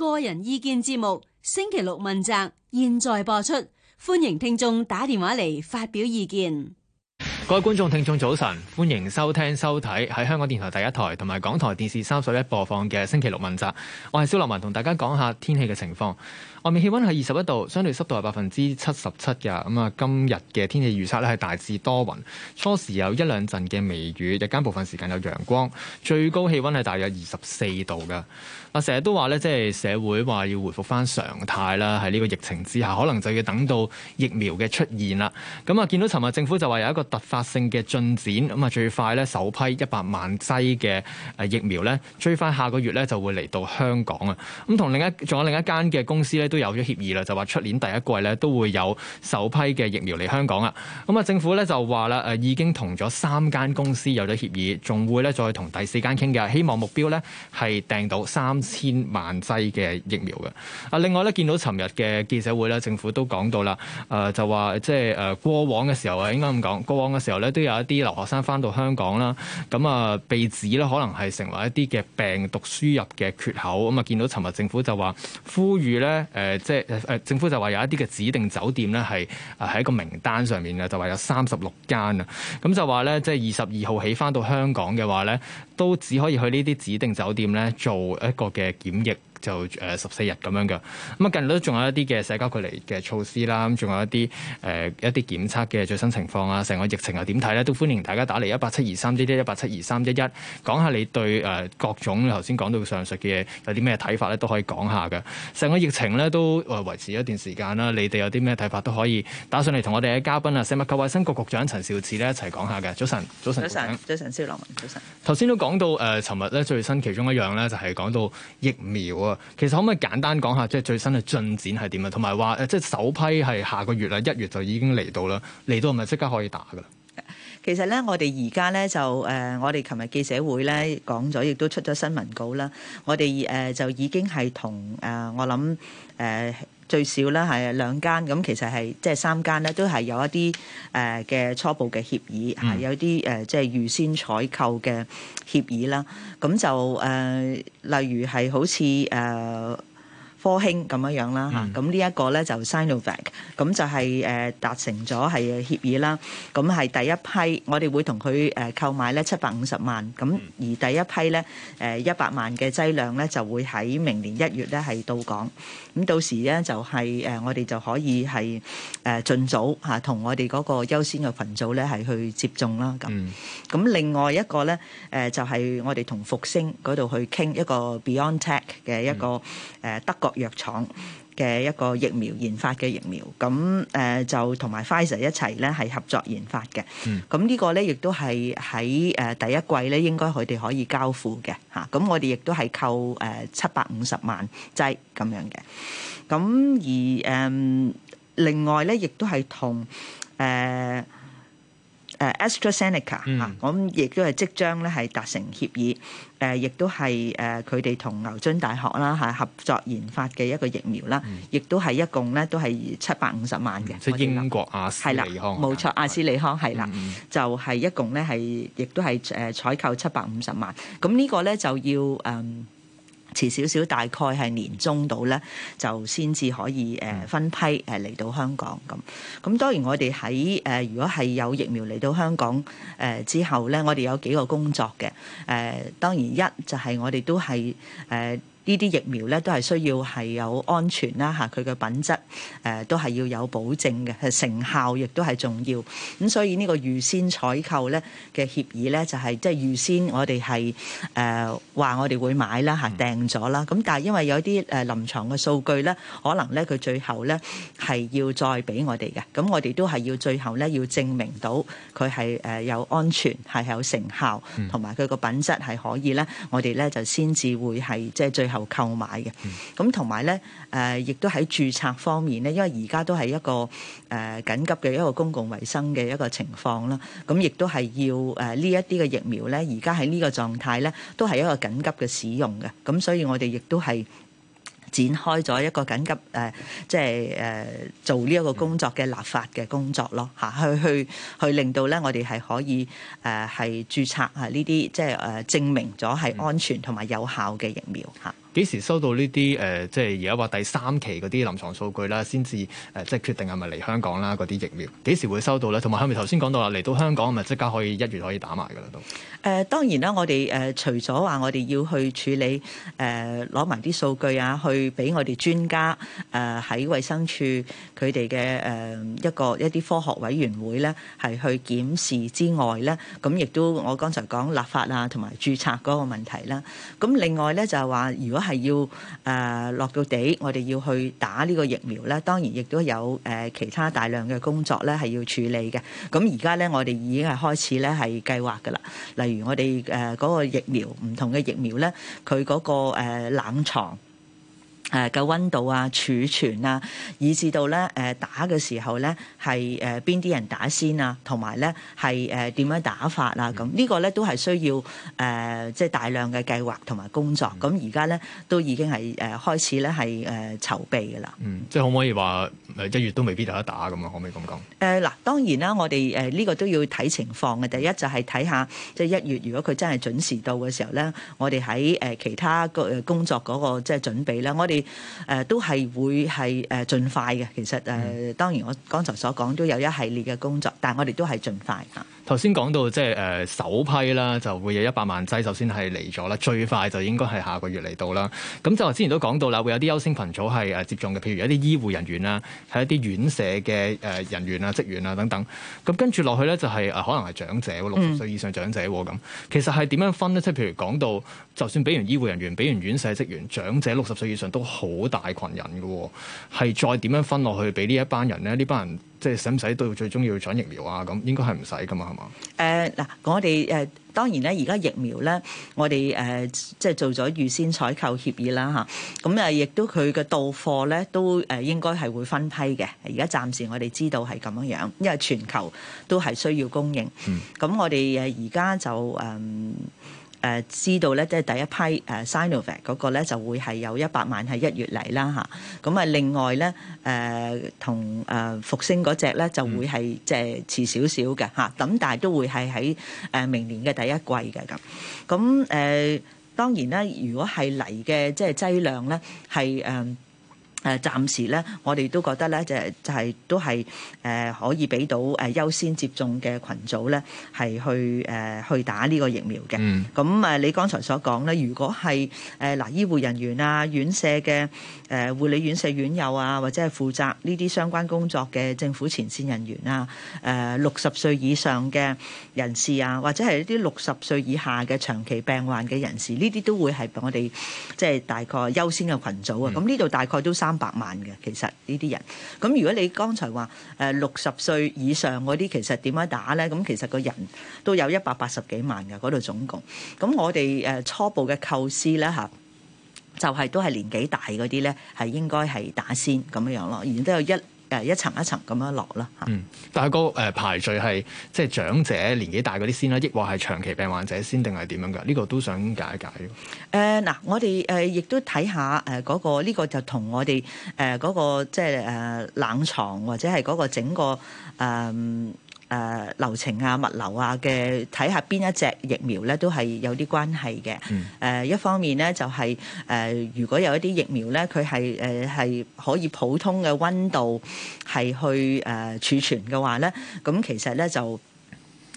個人意見節目星期六問責，現在播出，歡迎聽眾打電話嚟發表意見。各位觀眾、聽眾，早晨，歡迎收聽、收睇喺香港電台第一台同埋港台電視三十一播放嘅星期六問責。我係蕭樂文，同大家講下天氣嘅情況。外面氣温係二十一度，相對濕度係百分之七十七嘅。咁啊，今日嘅天氣預測咧係大致多雲，初時有一兩陣嘅微雨，日間部分時間有陽光，最高氣温係大約二十四度嘅。啊，成日都話咧，即係社會話要回復翻常態啦，喺呢個疫情之下，可能就要等到疫苗嘅出現啦。咁啊，見到尋日政府就話有一個突發性嘅進展。咁啊，最快咧首批一百萬劑嘅誒疫苗咧，最快下個月咧就會嚟到香港啊！咁同另一仲有另一間嘅公司咧都有咗協議啦，就話出年第一季咧都會有首批嘅疫苗嚟香港啊！咁啊，政府咧就話啦誒，已經同咗三間公司有咗協議，仲會咧再同第四間傾嘅，希望目標咧係訂到三千萬劑嘅疫苗嘅。啊，另外咧見到尋日嘅記者會咧，政府都講到啦，誒就話即係誒過往嘅時候啊，應該咁講過往嘅時候時候咧都有一啲留學生返到香港啦，咁啊被指咧可能係成為一啲嘅病毒輸入嘅缺口，咁啊見到尋日政府就話呼籲咧，誒、呃、即係誒、呃、政府就話有一啲嘅指定酒店咧係啊喺一個名單上面啊，就話有三十六間啊，咁就話咧即係二十二號起返到香港嘅話咧，都只可以去呢啲指定酒店咧做一個嘅檢疫。就誒十四日咁樣嘅，咁啊近日都仲有一啲嘅社交距離嘅措施啦，咁仲有一啲誒、呃、一啲檢測嘅最新情況啊，成個疫情又點睇咧？都歡迎大家打嚟一八七二三一一一八七二三一一，講下你對誒各種頭先講到上述嘅嘢有啲咩睇法咧，都可以講下嘅。成個疫情咧都維持一段時間啦，你哋有啲咩睇法都可以打上嚟，同我哋嘅嘉賓啊，食物及衞生局局長陳肇始咧一齊講下嘅。早晨，早晨，早晨，早晨，肖樂文，早晨。頭先都講到誒，尋、呃、日咧最新其中一樣咧，就係講到疫苗啊。其實可唔可以簡單講下，即係最新嘅進展係點啊？同埋話，即係首批係下個月啦，一月就已經嚟到啦，嚟到係咪即刻可以打噶啦？其實咧，我哋而家咧就誒、呃，我哋琴日記者會咧講咗，亦都出咗新聞稿啦。我哋誒、呃、就已經係同誒，我諗誒。呃最少啦係兩間，咁其實係即係三間咧，都係有一啲誒嘅初步嘅協議，係、嗯、有啲誒即係預先採購嘅協議啦。咁就誒、呃，例如係好似誒。呃科興咁樣樣啦，咁、嗯、呢一個咧就 Sinovac，g 咁就係、是、誒、呃、達成咗係協議啦，咁係第一批，我哋會同佢誒購買咧七百五十萬，咁而第一批咧誒一百萬嘅劑量咧就會喺明年一月咧係到港，咁到時咧就係、是、誒、呃、我哋就可以係誒、呃、盡早嚇同、啊、我哋嗰個優先嘅群組咧係去接種啦，咁，咁、嗯、另外一個咧誒、呃、就係、是、我哋同復星嗰度去傾一個 BioNTech 嘅一個誒、嗯呃、德國。藥廠嘅一個疫苗研發嘅疫苗，咁誒、呃、就同埋 Pfizer 一齊咧係合作研發嘅。咁、嗯、呢、呢個咧亦都係喺誒第一季咧，應該佢哋可以交付嘅吓。咁我哋亦都係扣誒七百五十萬劑咁樣嘅。咁而誒、呃、另外咧，亦都係同誒。呃誒、uh, AstraZeneca 啊、嗯，我諗亦都係即將咧係達成協議，誒、呃、亦都係誒佢哋同牛津大學啦嚇、啊、合作研發嘅一個疫苗啦、嗯，亦都係一共咧都係七百五十萬嘅。即、嗯、英國阿斯利康，冇錯，阿斯利康係啦，嗯、就係、是、一共咧係亦都係誒採購七百五十萬，咁呢個咧就要誒。嗯遲少少，大概係年中到咧，就先至可以分批誒嚟到香港咁。咁當然我哋喺如果係有疫苗嚟到香港之後咧，我哋有幾個工作嘅誒。當然一就係、係、我哋都係呢啲疫苗咧都係需要係有安全啦吓，佢嘅品質誒都係要有保證嘅，係成效亦都係重要。咁所以呢個預先採購咧嘅協議咧就係即係預先我哋係誒話我哋會買啦吓訂咗啦。咁但係因為有啲誒臨床嘅數據咧，可能咧佢最後咧係要再俾我哋嘅。咁我哋都係要最後咧要證明到佢係誒有安全係有成效，同埋佢個品質係可以咧，我哋咧就先至會係即係最後。購買嘅咁同埋咧誒，亦、呃、都喺註冊方面咧，因為而家都係一個誒緊急嘅一個公共衛生嘅一個情況啦。咁亦都係要誒呢一啲嘅疫苗咧，而家喺呢個狀態咧，都係一個緊急嘅使用嘅。咁所以我哋亦都係展開咗一個緊急誒，即係誒做呢一個工作嘅立法嘅工作咯吓，去去去令到咧我哋係可以誒係註冊啊呢啲即係誒證明咗係安全同埋有效嘅疫苗吓。幾時收到呢啲誒，即係而家話第三期嗰啲臨床數據啦，先至誒，即係決定係咪嚟香港啦？嗰啲疫苗幾時會收到咧？同埋係咪頭先講到啦，嚟到香港咪即刻可以一月可以打埋㗎啦都？誒、呃、當然啦，我哋誒、呃、除咗話我哋要去處理誒攞埋啲數據啊，去俾我哋專家誒喺、呃、衛生處佢哋嘅誒一個一啲科學委員會咧，係去檢視之外咧，咁亦都我剛才講立法啊，同埋註冊嗰個問題啦。咁另外咧就係話如果係要誒落到地，我哋要去打呢個疫苗咧。當然亦都有誒其他大量嘅工作咧，係要處理嘅。咁而家咧，我哋已經係開始咧係計劃㗎喇。例如我哋誒嗰個疫苗，唔同嘅疫苗咧，佢嗰個誒冷藏。誒嘅溫度啊、儲存啊，以至到咧誒、呃、打嘅時候咧，係誒邊啲人打先啊，同埋咧係誒點樣打法啊，咁、嗯、呢個咧都係需要誒、呃、即係大量嘅計劃同埋工作。咁而家咧都已經係誒、呃、開始咧係誒籌備噶啦。嗯，即係可唔可以話誒一月都未必得打咁啊？可唔可以咁講誒嗱，當然啦，我哋誒呢個都要睇情況嘅。第一就係睇下即係一月，如果佢真係準時到嘅時候咧，我哋喺誒其他個誒工作嗰、嗰個即係準備啦，我哋。誒，都係會係誒，盡快嘅。其實誒，呃，當然我剛才所講都有一系列嘅工作，但係我哋都係盡快啊。頭先講到即係、呃、首批啦，就會有一百萬劑，首先係嚟咗啦，最快就應該係下個月嚟到啦。咁就之前都講到啦，會有啲優先群組係接種嘅，譬如一啲醫護人員啦，係一啲院舍嘅人員啊、職員啊等等。咁跟住落去咧，就係可能係長者喎，六十歲以上長者喎咁、嗯。其實係點樣分咧？即係譬如講到，就算俾完醫護人員、俾完院舍職員、長者六十歲以上，都好大群人嘅喎，係再點樣分落去俾呢一班人咧？呢班人即係使唔使都要最終要搶疫苗啊？咁應該係唔使噶嘛？誒、呃、嗱，我哋誒，當然咧，而家疫苗咧，我哋誒、呃，即係做咗預先採購協議啦吓，咁啊，亦都佢嘅到貨咧，都誒，應該係會分批嘅。而家暫時我哋知道係咁樣樣，因為全球都係需要供應。咁我哋誒，而家就誒。誒、呃、知道咧，即係第一批誒 Sinovac 嗰個咧就會係有一百萬係一月嚟啦嚇。咁啊，另外咧誒同誒復星嗰隻咧就會係即係遲少少嘅嚇，咁、啊、但係都會係喺誒明年嘅第一季嘅咁。咁誒、呃、當然啦，如果係嚟嘅即係劑量咧係誒。誒暫時咧，我哋都覺得咧，就係就係都係可以俾到誒優先接種嘅群組咧，係去誒去打呢個疫苗嘅。咁誒，你剛才所講咧，如果係誒嗱，醫護人員啊、院舍嘅誒護理院舍院友啊，或者係負責呢啲相關工作嘅政府前線人員啊，誒六十歲以上嘅人士啊，或者係一啲六十歲以下嘅長期病患嘅人士，呢啲都會係我哋即係大概優先嘅群組啊。咁呢度大概都三。三百萬嘅，其實呢啲人。咁如果你剛才話誒六十歲以上嗰啲，其實點樣打咧？咁其實個人都有一百八十幾萬噶，嗰度總共。咁我哋誒初步嘅構思咧吓，就係都係年紀大嗰啲咧，係應該係打先咁樣咯。而都有一。誒一層一層咁樣落啦嚇。嗯，但係個誒排序係即係長者年紀大嗰啲先啦，抑或係長期病患者先定係點樣噶？呢、呢個都想解一解。誒、呃、嗱，我哋誒亦都睇下誒嗰個呢個就同我哋誒嗰個即係誒冷藏或者係嗰個整個誒。呃誒、呃、流程啊、物流啊嘅睇下邊一隻疫苗咧都係有啲關係嘅、呃。一方面咧就係、是呃、如果有一啲疫苗咧，佢係、呃、可以普通嘅溫度係去儲、呃、存嘅話咧，咁其實咧就。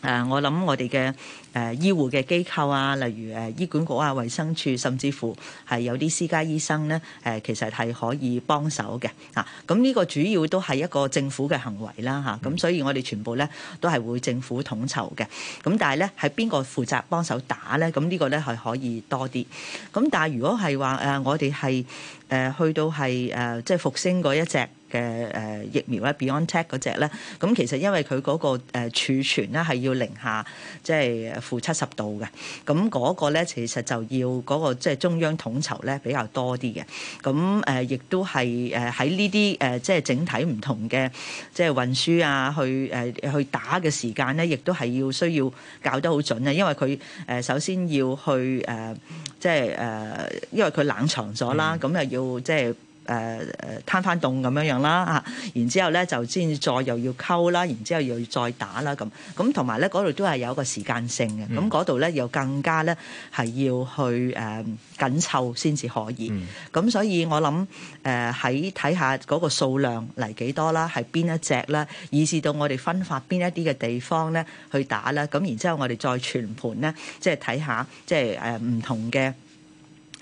誒、呃，我諗我哋嘅誒醫護嘅機構啊，例如誒、呃、醫管局啊、衞生署，甚至乎係有啲私家醫生咧，誒、呃、其實係可以幫手嘅。嚇、啊，咁呢個主要都係一個政府嘅行為啦，嚇、啊。咁、啊、所以我哋全部咧都係會政府統籌嘅。咁、啊、但係咧，係邊個負責幫手打咧？咁呢個咧係可以多啲。咁、啊、但係如果係話誒，我哋係誒去到係誒即係復星嗰一隻。嘅誒疫苗咧，BioNTech 嗰隻咧，咁其實因為佢嗰個誒儲存咧係要零下即係負七十度嘅。咁嗰個咧其實就要嗰、那個即係、就是、中央統籌咧比較多啲嘅，咁誒亦都係誒喺呢啲誒即係整體唔同嘅即係運輸啊，去誒去打嘅時間咧，亦都係要需要搞得好準啊，因為佢誒首先要去誒即係誒，因為佢冷藏咗啦，咁、嗯、又要即係。就是誒誒攤翻凍咁樣樣啦啊，然之後咧就先再又要溝啦，然之後又要再打啦咁，咁同埋咧嗰度都係有，有個時間性嘅，咁嗰度咧又更加咧係要去誒、呃、緊湊先至可以，咁、嗯、所以我諗誒喺睇下嗰個數量嚟幾多啦，係邊一隻啦，以至到我哋分發邊一啲嘅地方咧去打啦，咁然之後我哋再全盤咧即係睇下即係誒唔同嘅。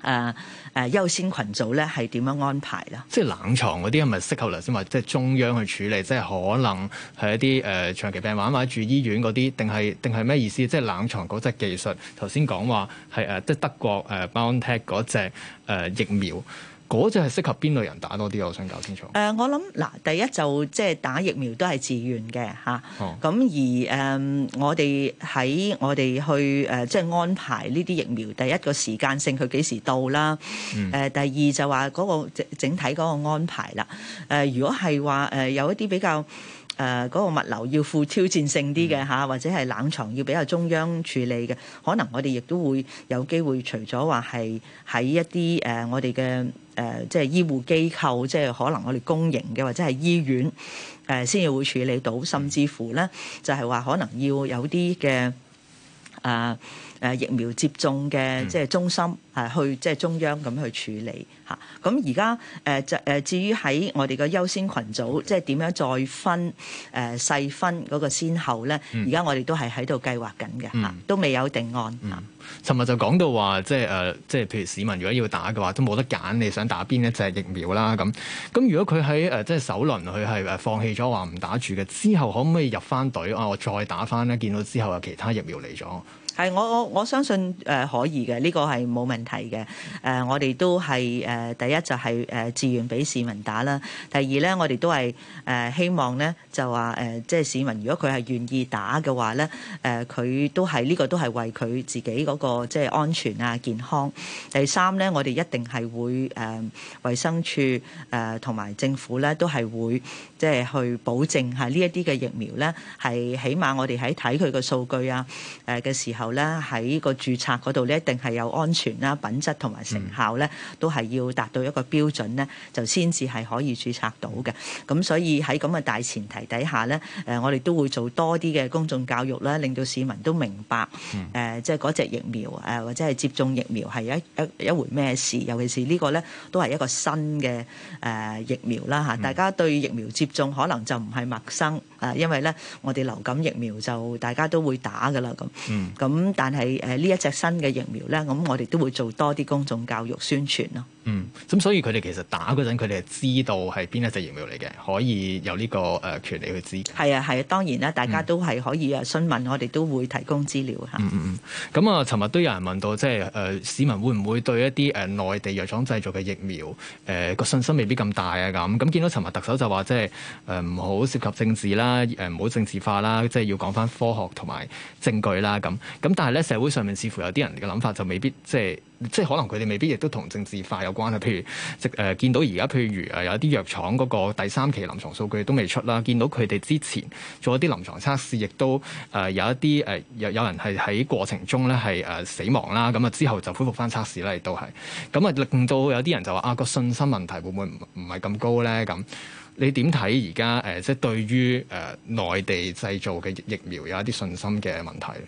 誒誒優先群組咧係點樣安排咧？即係冷藏嗰啲係咪適合頭先話？即係中央去處理，即係可能係一啲誒、呃、長期病患或者住醫院嗰啲，定係定係咩意思？即係冷藏嗰隻技術，頭先講話係誒，即係德國誒 BioNTech 嗰隻誒疫苗。嗰隻係適合邊類人打多啲，我想搞清楚。誒、呃，我諗嗱，第一就即、是、係打疫苗都係自願嘅嚇。咁、哦、而誒、呃，我哋喺我哋去誒，即、呃、係、就是、安排呢啲疫苗，第一個時間性佢幾時到啦？嗯、呃。第二就話嗰個整整體嗰個安排啦。誒、呃，如果係話誒有一啲比較。誒、呃、嗰、那個物流要富挑戰性啲嘅吓，或者係冷藏要比較中央處理嘅，可能我哋亦都會有機會除咗話係喺一啲誒、呃、我哋嘅誒，即係醫護機構，即係可能我哋公營嘅或者係醫院誒，先、呃、至會處理到，甚至乎呢就係、是、話可能要有啲嘅誒。呃誒疫苗接種嘅，即係中心誒去，即係中央咁去處理嚇。咁而家誒就誒至於喺我哋個優先群組，即係點樣再分誒細分嗰個先後咧？而家我哋都係喺度計劃緊嘅嚇，都未有定案嚇。嗯、嗯、尋日就講到話，即係誒，即係譬如市民如果要打嘅話，都冇得揀，你想打邊一隻疫苗啦咁。咁如果佢喺誒即係首輪佢係誒放棄咗話唔打住嘅，之後可唔可以入翻隊啊？我再打翻咧，見到之後有其他疫苗嚟咗。係我我我相信誒可以嘅，呢、這個係冇問題嘅。誒、呃、我哋都係誒、呃、第一就係誒自願俾市民打啦。第二咧，我哋都係誒、呃、希望咧就話誒、呃，即係市民如果佢係願意打嘅話咧，誒、呃、佢都係呢、這個都係為佢自己嗰、那個即係安全啊、健康。第三咧，我哋一定係會誒衞、呃、生署誒同埋政府咧都係會。即係去保證吓呢一啲嘅疫苗咧，係起碼我哋喺睇佢嘅數據啊，誒嘅時候咧，喺個注冊嗰度咧，一定係有安全啦、品質同埋成效咧，都係要達到一個標準咧，就先至係可以注冊到嘅。咁所以喺咁嘅大前提底下咧，誒我哋都會做多啲嘅公眾教育啦，令到市民都明白誒、嗯、即係嗰隻疫苗誒或者係接種疫苗係一一一回咩事？尤其是呢個呢個咧，都係一個新嘅誒、呃、疫苗啦，吓，大家對疫苗接仲可能就唔係陌生。啊，因為咧，我哋流感疫苗就大家都會打嘅啦，咁，咁但係誒呢一隻新嘅疫苗咧，咁我哋都會做多啲公眾教育宣傳咯。嗯，咁、嗯、所以佢哋其實打嗰陣，佢哋係知道係邊一隻疫苗嚟嘅，可以有呢、這個誒、呃、權利去知。係啊，係啊，當然啦，大家都係可以誒詢問，嗯、我哋都會提供資料吓。嗯嗯咁啊，尋、嗯、日、嗯嗯嗯嗯嗯嗯嗯、都有人問到，即係誒、呃、市民會唔會對一啲誒內地藥廠製造嘅疫苗誒個、呃、信心未必咁大啊？咁咁、嗯、見到尋日特首就話，即係誒唔好涉及政治啦。啊，唔好政治化啦，即係要講翻科學同埋證據啦，咁咁，但係咧社會上面似乎有啲人嘅諗法就未必，即係即係可能佢哋未必亦都同政治化有關啦。譬如即誒、呃、見到而家，譬如誒有啲藥廠嗰個第三期臨床數據都未出啦，見到佢哋之前做一啲臨床測試，亦都誒、呃、有一啲誒有有人係喺過程中咧係誒死亡啦，咁啊之後就恢復翻測試啦，亦都係咁啊，令到有啲人就話啊個信心問題會唔會唔係咁高咧咁？你點睇而家誒，即係對於誒內地製造嘅疫苗有一啲信心嘅問題？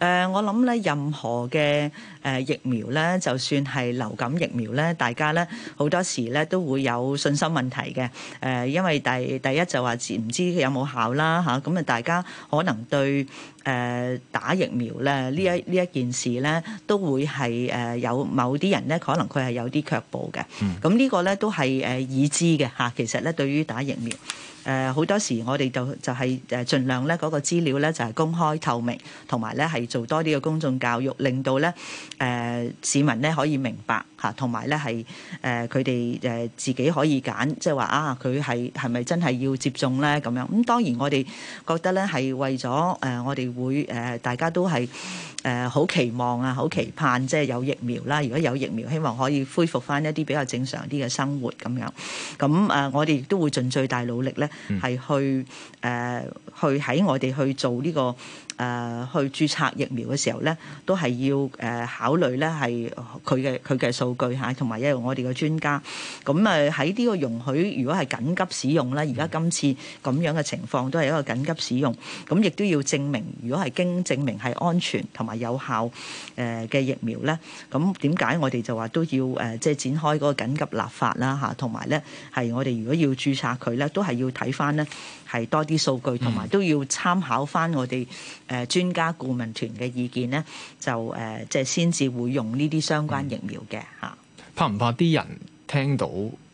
誒，我諗咧，任何嘅誒疫苗咧，就算係流感疫苗咧，大家咧好多時咧都會有信心問題嘅。誒，因為第第一就話唔知佢有冇效啦嚇，咁啊，大家可能對誒打疫苗咧呢一呢一件事咧，都會係誒有某啲人咧，可能佢係有啲卻步嘅。嗯，咁、這、呢個咧都係誒已知嘅嚇。其實咧，對於打疫苗。誒好多時我哋就就係誒盡量咧嗰個資料咧就係公開透明，同埋咧係做多啲嘅公眾教育，令到咧誒市民咧可以明白嚇，同埋咧係誒佢哋誒自己可以揀，即係話啊佢係係咪真係要接種咧？咁樣咁當然我哋覺得咧係為咗誒我哋會誒大家都係誒好期望啊，好期盼即係有疫苗啦！如果有疫苗，希望可以恢復翻一啲比較正常啲嘅生活咁樣。咁誒我哋亦都會盡最大努力咧。係 去誒、呃，去喺我哋去做呢、這個。誒去註冊疫苗嘅時候咧，都係要誒考慮咧，係佢嘅佢嘅數據嚇，同埋因為我哋嘅專家。咁誒喺呢個容許，如果係緊急使用咧，而家今次咁樣嘅情況都係一個緊急使用。咁亦都要證明，如果係經證明係安全同埋有效誒嘅疫苗咧，咁點解我哋就話都要誒即係展開嗰個緊急立法啦嚇，同埋咧係我哋如果要註冊佢咧，都係要睇翻咧。係多啲數據，同埋都要參考返我哋誒專家顧問團嘅意見咧，就誒即係先至會用呢啲相關疫苗嘅嚇、嗯。怕唔怕啲人聽到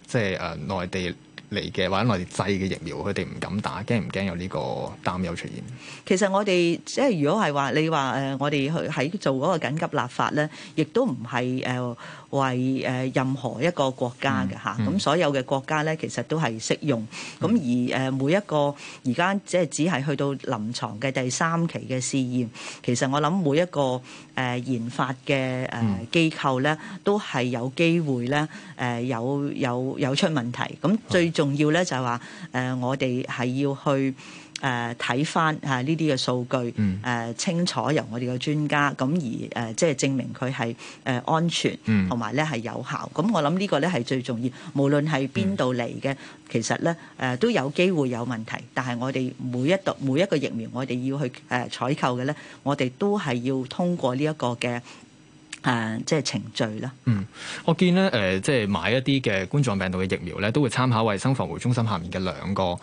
即係誒、呃、內地嚟嘅或者內地製嘅疫苗，佢哋唔敢打，驚唔驚有呢個擔憂出現？其實我哋即係如果係話你話誒，我哋去喺做嗰個緊急立法咧，亦都唔係誒。呃為誒任何一個國家嘅嚇，咁、嗯嗯、所有嘅國家咧，其實都係適用。咁、嗯、而誒每一個而家即係只係去到臨床嘅第三期嘅試驗，其實我諗每一個誒研發嘅誒機構咧，都係有機會咧誒有有有出問題。咁最重要咧就係話誒，我哋係要去，誒睇翻吓呢啲嘅數據、呃，清楚由我哋嘅專家咁而即係、呃呃、證明佢係誒安全呢，同埋咧係有效。咁我諗呢個咧係最重要。無論係邊度嚟嘅，其實咧誒、呃、都有機會有問題。但係我哋每一度每一個疫苗我、呃，我哋要去誒採購嘅咧，我哋都係要通過呢一個嘅。誒，呃，即係程序啦。嗯，我見咧誒，即係買一啲嘅冠狀病毒嘅疫苗咧，都會參考衛生防護中心下面嘅兩個誒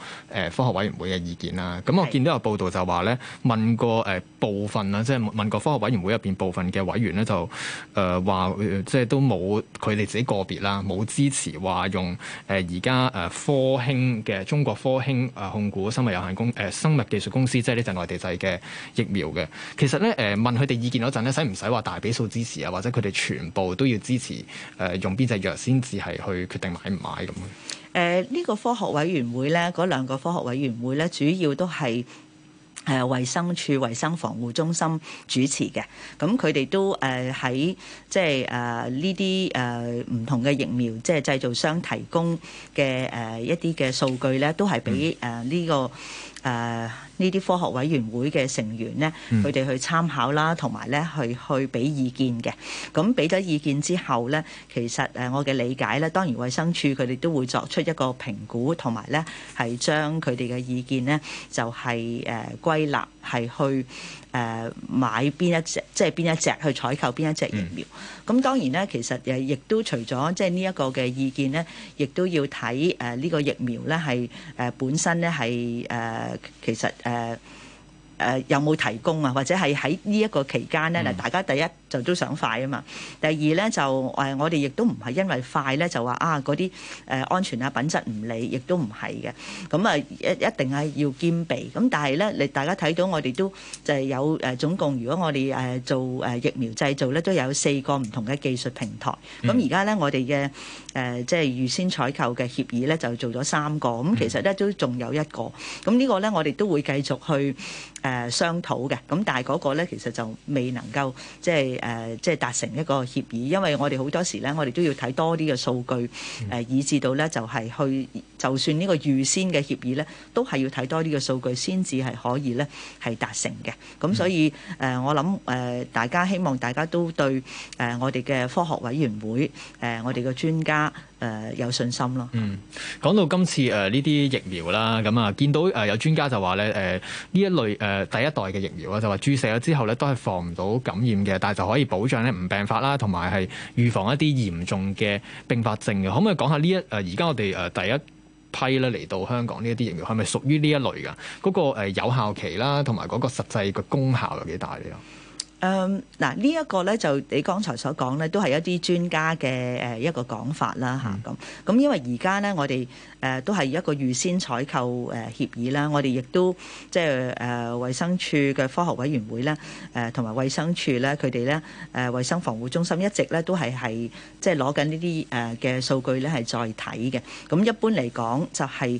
科學委員會嘅意見啦。咁我見到有報道就話咧，問過誒部分啦，即係問過科學委員會入邊部分嘅委員咧，就誒話，呃，即係都冇佢哋自己個別啦，冇支持話用誒而家誒科興嘅中國科興誒控股生物有限公誒生物技術公司，即係呢隻內地製嘅疫苗嘅。其實咧誒，問佢哋意見嗰陣咧，使唔使話大比數支持啊？或者佢哋全部都要支持，誒、呃、用邊隻藥先至係去決定買唔買咁嘅。誒、呃、呢、這個科學委員會咧，嗰兩個科學委員會咧，主要都係誒衛生署衛生防護中心主持嘅。咁佢哋都誒喺、呃、即係誒呢啲誒唔同嘅疫苗，即係製造商提供嘅誒、呃、一啲嘅數據咧，都係俾誒呢個。誒呢啲科學委員會嘅成員呢，佢、嗯、哋去參考啦，同埋呢去去俾意見嘅。咁俾咗意見之後呢，其實誒我嘅理解呢，當然衞生署佢哋都會作出一個評估，同埋呢係將佢哋嘅意見呢，就係、是、誒、呃、歸納係去誒、呃、買邊一隻，即係邊一隻去採購邊一隻疫苗。咁、嗯、當然呢，其實誒亦都除咗即係呢一個嘅意見呢，亦都要睇誒呢個疫苗呢係誒、呃、本身呢係誒。其實誒誒、呃呃、有冇提供啊？或者係喺呢一個期間呢，嗱大家第一就都想快啊嘛。第二呢，就誒，我哋亦都唔係因為快呢，就話啊嗰啲誒安全啊品質唔理，亦都唔係嘅。咁啊一一定係要兼備。咁但係呢，你大家睇到我哋都就係有誒，總共如果我哋誒做誒疫苗製造呢，都有四個唔同嘅技術平台。咁而家呢，我哋嘅。誒、呃，即係預先採購嘅協議咧，就做咗三個，咁其實咧，都仲有一個，咁呢個咧，我哋都會繼續去誒、呃、商討嘅。咁但係嗰個咧，其實就未能夠即係誒、呃、即係達成一個協議，因為我哋好多時咧，我哋都要睇多啲嘅數據誒、呃、以至到咧就係、是、去，就算這個呢個預先嘅協議咧，都係要睇多啲嘅數據先至係可以咧，係達成嘅。咁所以誒、呃、我諗誒、呃、大家希望大家都對誒、呃、我哋嘅科學委員會誒、呃、我哋嘅專家。誒，有信心咯。嗯，講到今次誒呢啲疫苗啦，咁啊見到誒有專家就話咧，誒、呃、呢一類誒、呃、第一代嘅疫苗啊，就話注射咗之後咧都係防唔到感染嘅，但係就可以保障咧唔病發啦，同埋係預防一啲嚴重嘅併發症嘅。可唔可以講下呢一誒而家我哋誒第一批咧嚟到香港呢一啲疫苗係咪屬於呢一類㗎？嗰、那個誒有效期啦，同埋嗰個實際嘅功效有幾大咧？嗯，嗱、這、呢、個、一,一個咧就你剛才所講咧，嗯、都係一啲專家嘅誒一個講法啦嚇咁。咁因為而家咧，我哋誒都係一個預先採購誒協議啦，我哋亦都即係誒衞生署嘅科學委員會咧，誒同埋衞生署咧，佢哋咧誒衞生防護中心一直咧都係係即係攞緊呢啲誒嘅數據咧係在睇嘅。咁、嗯、一般嚟講就係、是、誒。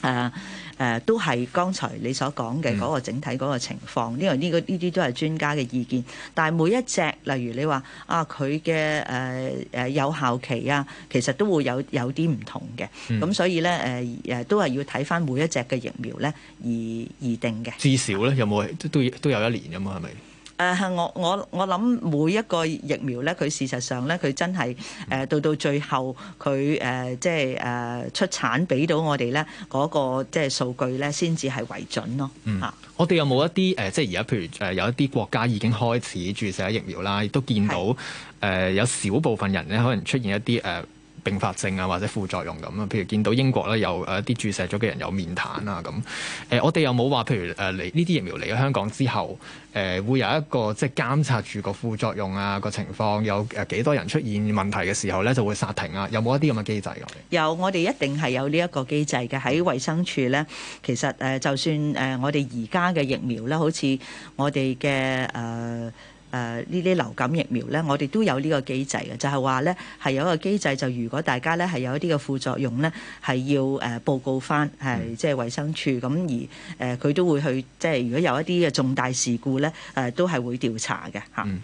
呃誒、呃、都係剛才你所講嘅嗰個整體嗰個情況，因為呢個呢啲都係專家嘅意見，但係每一隻例如你話啊，佢嘅誒誒有效期啊，其實都會有有啲唔同嘅。咁、嗯、所以咧誒誒都係要睇返每一隻嘅疫苗咧而而定嘅。至少咧有冇都都都有一年㗎嘛係咪？是不是？誒、呃，我我我諗每一個疫苗咧，佢事實上咧，佢真係誒到到最後，佢誒、呃、即係誒、呃、出產俾到我哋咧嗰個即係數據咧，先至係為準咯。嗯，我哋有冇一啲誒、呃，即係而家譬如誒、呃，有一啲國家已經開始注射疫苗啦，亦都見到誒、呃、有少部分人咧，可能出現一啲誒。呃併發症啊，或者副作用咁啊，譬如見到英國咧有誒啲、呃、注射咗嘅人有面癱啊咁，誒、呃、我哋有冇話，譬如誒嚟呢啲疫苗嚟咗香港之後，誒、呃、會有一個即係監察住個副作用啊個情況，有誒幾多人出現問題嘅時候咧就會殺停啊？有冇一啲咁嘅機制咁、啊？有，我哋一定係有呢一個機制嘅，喺衛生署咧。其實誒、呃，就算誒、呃、我哋而家嘅疫苗咧，好似我哋嘅誒。呃誒呢啲流感疫苗咧，我哋都有呢個機制嘅，就係話咧，係有一個機制，就如果大家咧係有一啲嘅副作用咧，係要誒報告翻，係即係衞生署咁，而誒佢都會去即係，如果有一啲嘅重大事故咧，誒、呃、都係會調查嘅嚇。嗯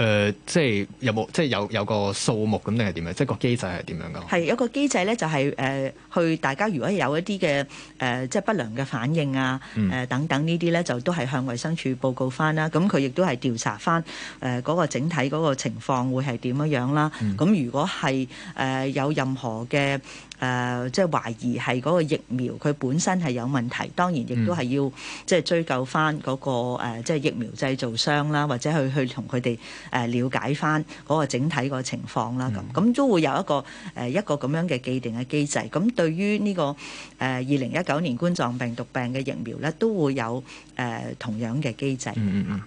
誒、呃，即係有冇，即係有有個數目咁定係點樣？即係個機制係點樣噶？係有個機制咧，就係、是、誒、呃，去大家如果有一啲嘅誒，即係不良嘅反應啊，誒、嗯呃、等等這些呢啲咧，就都係向衛生署報告翻啦。咁佢亦都係調查翻誒嗰個整體嗰個情況會係點樣樣啦。咁、嗯、如果係誒、呃、有任何嘅。誒、呃，即係懷疑係嗰個疫苗佢本身係有問題，當然亦都係要即係追究翻、嗰、嗰個、嗯呃、即係疫苗製造商啦，或者去去同佢哋誒瞭解翻嗰個整體個情況啦。咁、嗯、咁都會有一個誒、呃、一個咁樣嘅既定嘅機制。咁對於呢、呢個誒二零一九年冠狀病毒病嘅疫苗咧，都會有誒、呃、同樣嘅機制。嗯、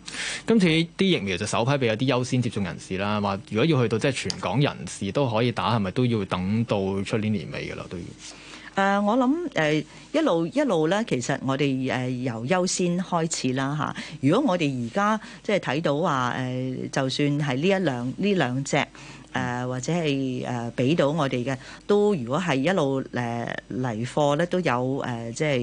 今次啲疫苗就首批俾有啲優先接種人士啦，話如果要去到即係全港人士都可以打，係咪都要等到出年年尾？誒，我諗，誒，一路一路呢，其實我哋誒，由優先開始啦吓，如果我哋而家即係睇到話，誒，就算係呢一兩呢兩隻。誒、呃、或者係誒俾到我哋嘅，都如果係一路誒嚟、呃、貨咧，都有誒即係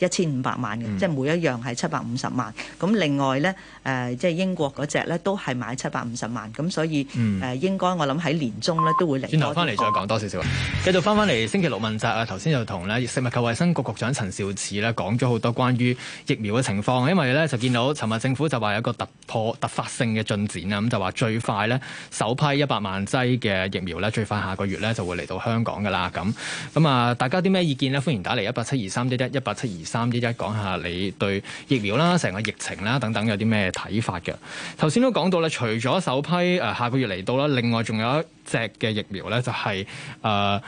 一千五百萬嘅，即係、嗯、每一樣係七百五十萬。咁另外咧誒、呃，即係英國嗰隻咧都係買七百五十萬。咁所以誒、嗯呃、應該我諗喺年中咧都會嚟。轉頭翻嚟再講多少少，繼續翻翻嚟星期六問責啊！頭先就同咧食物及衞生局局長陳肇始咧講咗好多關於疫苗嘅情況，因為咧就見到尋日政府就話有個突破、突發性嘅進展啊。咁就話最快咧首批一百萬，劑嘅疫苗咧，最快下個月咧就會嚟到香港噶啦，咁咁啊，大家啲咩意見咧？歡迎打嚟一八七二三一一一八七二三一一，講下你對疫苗啦、成個疫情啦等等有啲咩睇法嘅。頭先都講到咧，除咗首批誒下個月嚟到啦，另外仲有一隻嘅疫苗咧，就是，就係誒。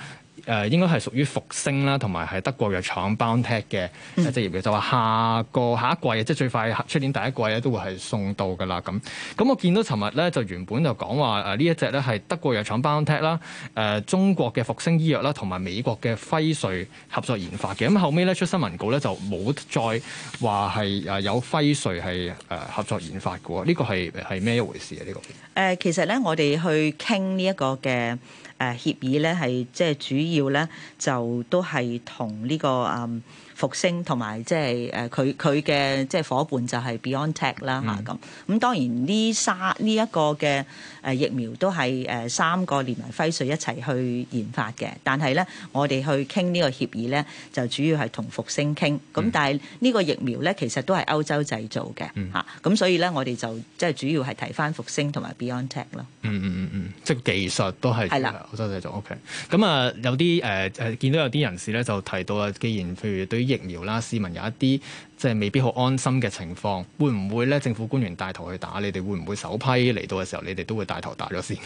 誒應該係屬於復星啦，同埋係德國藥廠 BioNTech 嘅一隻藥嘅，就話、是，下個下一季，即係最快出年第一季咧，都會係送到噶啦咁。咁我見到尋日咧就原本就講話，誒呢一隻咧係德國藥廠 BioNTech 啦，誒中國嘅復星醫藥啦，同埋美國嘅輝瑞合作研發嘅。咁後尾咧出新聞稿咧就冇再話係誒有輝瑞係誒合作研發嘅喎。呢個係係咩一回事啊？呢個誒其實咧我哋去傾呢一個嘅。誒、啊，協議咧係即係主要咧就都係同呢個誒。嗯復星同埋即係誒佢佢嘅即係夥伴就係 Beyond Tech 啦嚇，咁咁當然呢三呢一個嘅誒疫苗都係誒三個連埋輝瑞一齊去研發嘅，但係咧我哋去傾呢個協議咧就主要係同復星傾，咁、嗯、但係呢個疫苗咧其實都係歐洲製造嘅嚇，咁、嗯、所以咧我哋就即係主要係提翻復星同埋 Beyond Tech 咯。嗯嗯嗯嗯，即係技術都係係啦，歐洲製造。OK，咁啊有啲誒誒見到有啲人士咧就提到啊，既然譬如對疫苗啦，市民有一啲。即係未必好安心嘅情況，會唔會咧？政府官員帶頭去打，你哋會唔會首批嚟到嘅時候，你哋都會帶頭打咗先？誒、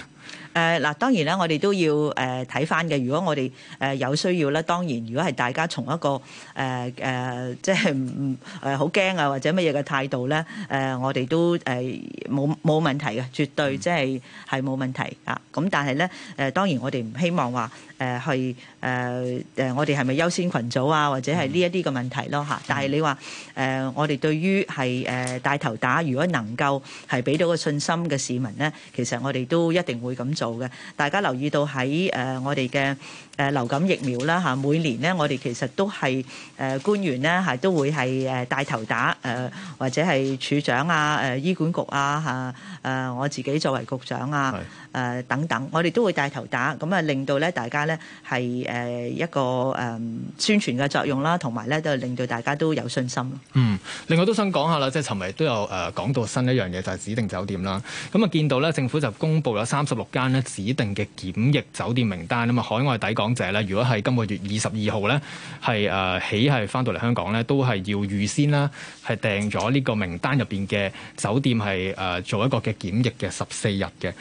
呃、嗱，當然啦，我哋都要誒睇翻嘅。如果我哋誒、呃、有需要咧，當然如果係大家從一個誒誒、呃呃，即係唔誒好驚啊，或者乜嘢嘅態度咧，誒、呃、我哋都誒冇冇問題嘅，絕對即係係冇問題啊。咁但係咧誒，當然我哋唔希望話誒去誒誒，我哋係咪優先群組啊，或者係呢一啲嘅問題咯嚇？但係你話。嗯嗯誒，我哋對於係誒帶頭打，如果能夠係俾到個信心嘅市民咧，其實我哋都一定會咁做嘅。大家留意到喺誒我哋嘅誒流感疫苗啦嚇，每年咧我哋其實都係誒官員咧係都會係誒帶頭打誒，或者係署長啊誒醫管局啊嚇誒我自己作為局長啊誒等等，我哋都會帶頭打，咁啊令到咧大家咧係誒一個誒宣傳嘅作用啦，同埋咧都係令到大家都有信心。嗯，另外都想講下啦，即係尋日都有誒講到新一樣嘢，就係、是、指定酒店啦。咁啊，見到咧政府就公布咗三十六間咧指定嘅檢疫酒店名單啊，海外抵港者咧，如果係今個月二十二號咧，起係翻到嚟香港咧，都係要預先啦，係訂咗呢個名單入面嘅酒店係、呃、做一個嘅檢疫嘅十四日嘅。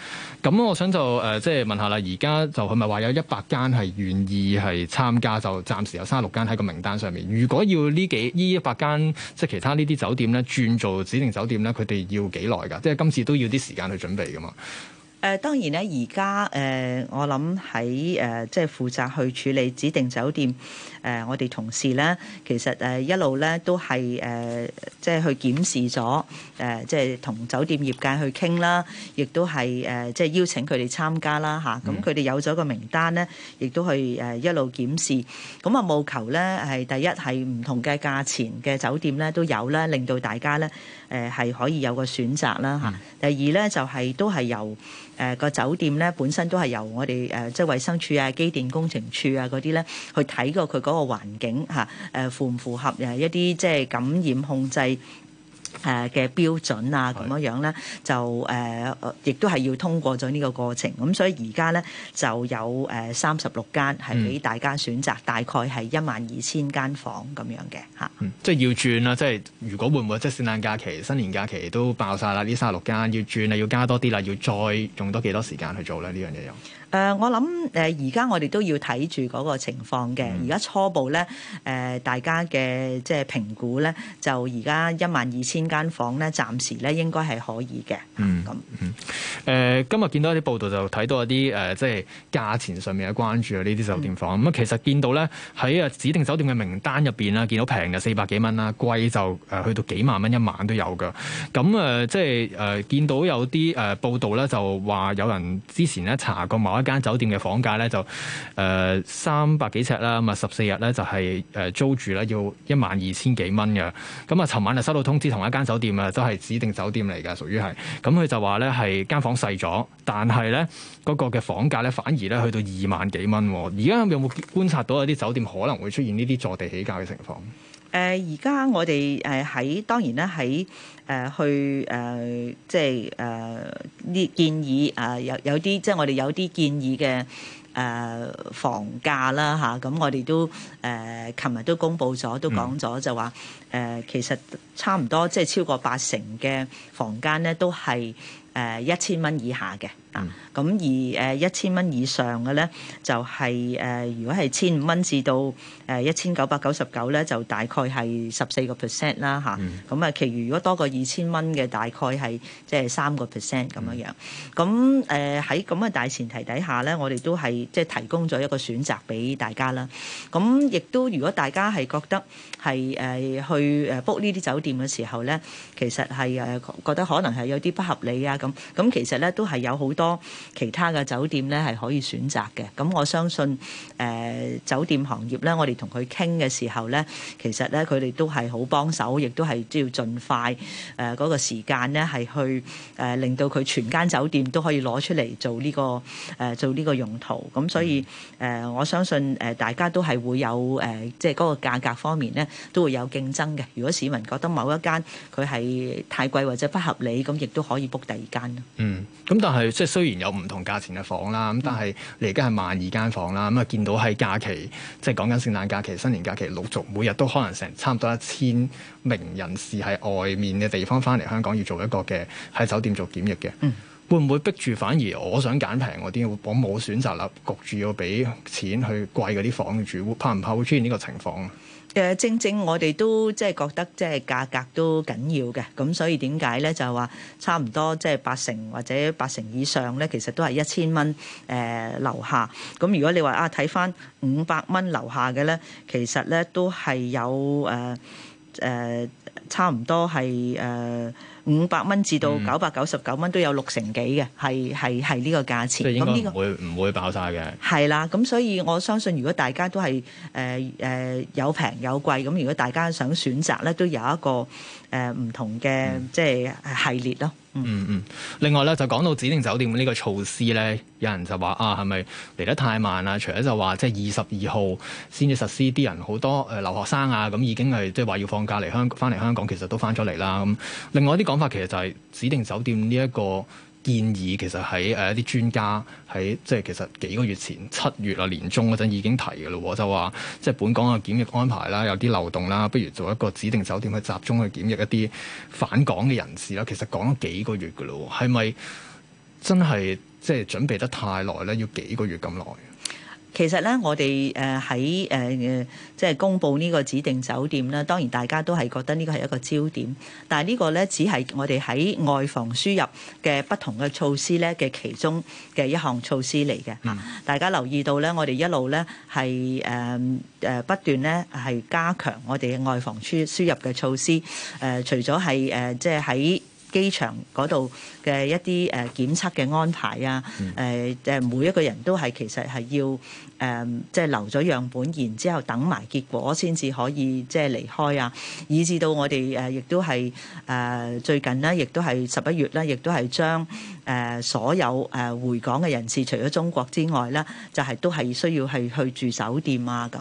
咁我想就即係、呃、問下啦，而家就係咪話有一百間係願意係參加，就暫時有三十六間喺個名單上面。如果要呢幾呢一百間。即係其他呢啲酒店咧，轉做指定酒店咧，佢哋要幾耐㗎？即係今次都要啲時間去準備㗎嘛。誒、呃、當然咧，而家誒我諗喺誒即係負責去處理指定酒店誒、呃，我哋同事咧，其實誒一路咧都係誒即係去檢視咗誒，即係同酒店業界去傾啦，亦都係誒即係邀請佢哋參加啦嚇。咁佢哋有咗個名單咧，亦都去誒、啊、一路檢視。咁啊，務求咧係第一係唔同嘅價錢嘅酒店咧都有啦，令到大家咧誒係可以有個選擇啦嚇、啊。第二咧就係、是、都係由。誒、呃、那個酒店咧本身都係由我哋誒、呃、即係衛生署啊、機電工程署啊嗰啲咧去睇過佢嗰個環境嚇，符、啊、唔、呃、符合、啊、一啲即係感染控制。誒、呃、嘅標準啊，咁樣樣咧就誒、呃，亦都係要通過咗呢個過程。咁所以而家咧就有誒三十六間係俾大家選擇，嗯、大概係一萬二千間房咁樣嘅嚇、嗯。即係要轉啦！即係如果會唔會即係聖誕假期、新年假期都爆晒啦？呢三十六間要轉啊，要加多啲啦，要再用多幾多時間去做咧？呢樣嘢又？誒、呃，我諗誒，而家我哋都要睇住嗰個情況嘅。而家初步咧，誒、呃，大家嘅即係評估咧，就而家一萬二千間房咧，暫時咧應該係可以嘅。嗯，咁、嗯。誒、呃，今日見到一啲報道就睇到一啲誒、呃，即係價錢上面嘅關注啊，呢啲酒店房。咁、嗯、啊，其實見到咧喺啊指定酒店嘅名單入邊啦，見到平嘅四百幾蚊啦，貴就誒去到幾萬蚊一晚都有噶。咁、嗯、啊，即係誒見到有啲誒、呃、報道咧，就話有人之前咧查過某一間酒店嘅房價咧就誒三百幾尺啦，咁啊十四日咧就係誒租住咧要一萬二千幾蚊嘅。咁啊，尋晚啊收到通知，同一間酒店啊都係指定酒店嚟噶，屬於係咁。佢就話咧係間房細咗，但係咧嗰個嘅房價咧反而咧去到二萬幾蚊。而家有冇觀察到有啲酒店可能會出現呢啲坐地起價嘅情況？誒而家我哋誒喺當然啦，喺誒去誒即係誒呢建議誒、呃、有有啲即係我哋有啲建議嘅誒、呃、房價啦，嚇咁我哋都誒琴日都公布咗都講咗、嗯、就話誒、呃、其實差唔多即係超過八成嘅房間咧都係誒一千蚊以下嘅。咁、嗯、而一千蚊以上嘅咧，就係、是呃、如果係千五蚊至到一千九百九十九咧，就大概係十四個 percent 啦吓咁啊，其餘如果多過二千蚊嘅，大概係即係三個 percent 咁樣樣。咁、嗯、誒，喺咁嘅大前提底下咧，我哋都係即係提供咗一個選擇俾大家啦。咁亦都如果大家係覺得係誒、呃、去誒 book 呢啲酒店嘅時候咧，其實係誒、呃、覺得可能係有啲不合理啊咁。咁其實咧都係有好多。多其他嘅酒店咧，係可以選擇嘅。咁我相信，誒、呃、酒店行業咧，我哋同佢傾嘅時候咧，其實咧佢哋都係好幫手，亦都係都要盡快誒、呃嗰個時間咧，係去誒、呃、令到佢全間酒店都可以攞出嚟做呢個誒、呃、做呢個用途。咁所以誒、呃、我相信誒大家都係會有誒即係嗰個價格方面咧都會有競爭嘅。如果市民覺得某一間佢係太貴或者不合理，咁亦都可以 book 第二間。嗯，咁但係即係。雖然有唔同價錢嘅房啦，咁但係你而家係萬二間房啦，咁啊見到喺假期，即係講緊聖誕假期、新年假期，陸續每日都可能成差唔多一千名人士喺外面嘅地方翻嚟香港，要做一個嘅喺酒店做檢疫嘅、嗯，會唔會逼住反而我想揀平嗰啲，我冇選擇啦，焗住要俾錢去貴嗰啲房住，怕唔怕會出現呢個情況？正正我哋都即係覺得即係價格都緊要嘅，咁所以點解咧就係話差唔多即係八成或者八成以上咧，其實都係一千蚊誒樓下。咁如果你話啊睇翻五百蚊樓下嘅咧，其實咧都係有誒誒差唔多係誒。呃五百蚊至到九百九十九蚊都有六成幾嘅，係係係呢個價錢，咁呢個會唔會爆晒嘅？係啦，咁所以我相信，如果大家都係誒誒有平有貴，咁如果大家想選擇咧，都有一個誒唔同嘅即係系列咯。嗯嗯嗯，另外咧就講到指定酒店呢個措施咧，有人就話啊，係咪嚟得太慢啊？除咗就話即係二十二號先至實施，啲人好多、呃、留學生啊，咁已經係即係話要放假嚟香翻嚟香港，香港其實都翻咗嚟啦。咁另外啲講法其實就係指定酒店呢、這、一個。建議其實喺誒一啲專家喺即係其實幾個月前七月啊，年中嗰陣已經提嘅咯，我就話即係本港嘅檢疫安排啦，有啲漏洞啦，不如做一個指定酒店去集中去檢疫一啲返港嘅人士啦。其實講咗幾個月嘅咯，係咪真係即係準備得太耐咧？要幾個月咁耐？其實咧，我哋誒喺誒即係公佈呢個指定酒店啦。當然大家都係覺得呢個係一個焦點，但係呢個咧只係我哋喺外防輸入嘅不同嘅措施咧嘅其中嘅一項措施嚟嘅。大家留意到咧，我哋一路咧係誒誒不斷咧係加強我哋嘅外防輸輸入嘅措施。誒，除咗係誒，即係喺機場嗰度嘅一啲誒檢測嘅安排啊，誒、嗯、誒，每一個人都係其實係要。誒、嗯，即係留咗樣本，然之後等埋結果先至可以即係離開啊。以至到我哋誒，亦都係誒最近呢，亦都係十一月咧，亦都係將誒所有誒、呃、回港嘅人士，除咗中國之外咧，就係、是、都係需要係去住酒店啊。咁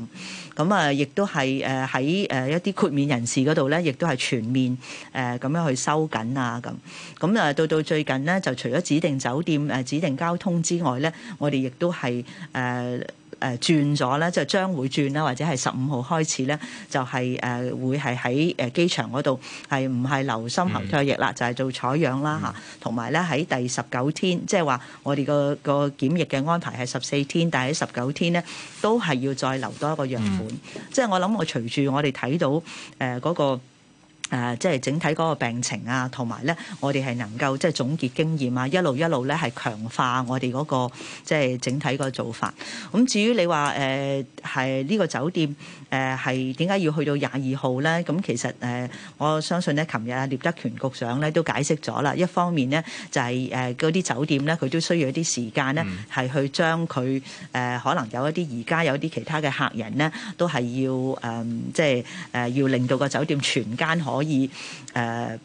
咁啊，亦都係誒喺誒一啲豁免人士嗰度咧，亦都係全面誒咁、呃、樣去收緊啊。咁咁啊，到到最近呢，就除咗指定酒店誒、呃、指定交通之外咧，我哋亦都係誒。呃誒轉咗咧，就將會轉啦，或者係十五號開始咧，就係、是、誒、呃、會係喺誒機場嗰度係唔係留深喉唾液啦，就係、是、做採樣啦嚇。同埋咧喺第十九天，即係話我哋個個檢疫嘅安排係十四天，但喺十九天咧都係要再留多一個樣本、嗯。即係我諗，我隨住我哋睇到誒嗰、呃那個。誒，即係整體嗰個病情啊，同埋咧，我哋係能夠即係總結經驗啊，一路一路咧係強化我哋嗰個即係整體個做法。咁至於你話誒係呢個酒店誒係點解要去到廿二號咧？咁其實誒、呃，我相信咧，琴日聶德權局長咧都解釋咗啦。一方面咧就係誒嗰啲酒店咧，佢都需要一啲時間咧，係去將佢誒可能有一啲而家有啲其他嘅客人咧，都係要誒即係誒要令到個酒店全間可。可以誒。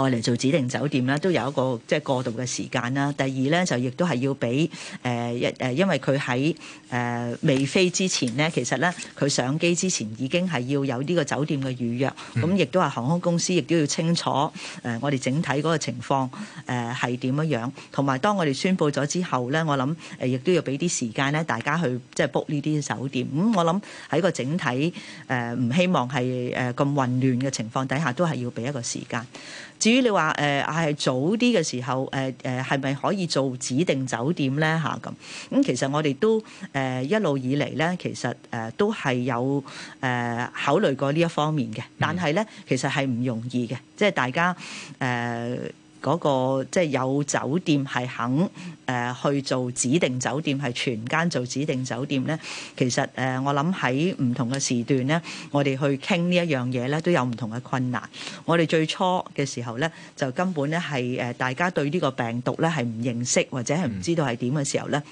我嚟做指定酒店啦，都有一個即係過渡嘅時間啦。第二咧，就亦都係要俾誒誒，因為佢喺誒未飛之前咧，其實咧佢上機之前已經係要有呢個酒店嘅預約，咁亦都係航空公司亦都要清楚誒、呃，我哋整體嗰個情況誒係點樣樣。同埋當我哋宣布咗之後咧，我諗誒亦都要俾啲時間咧，大家去即係 book 呢啲酒店。咁、嗯、我諗喺個整體誒唔、呃、希望係誒咁混亂嘅情況底下，都係要俾一個時間。至於你話誒係早啲嘅時候，誒誒係咪可以做指定酒店咧？嚇，咁咁其實我哋都誒、呃、一路以嚟咧，其實誒、呃、都係有誒、呃、考慮過呢一方面嘅，但係咧其實係唔容易嘅，即係大家誒。呃嗰個即係有酒店係肯誒去做指定酒店，係全間做指定酒店咧。其實誒，我諗喺唔同嘅時段咧，我哋去傾呢一樣嘢咧，都有唔同嘅困難。我哋最初嘅時候咧，就根本咧係誒大家對呢個病毒咧係唔認識或者係唔知道係點嘅時候咧。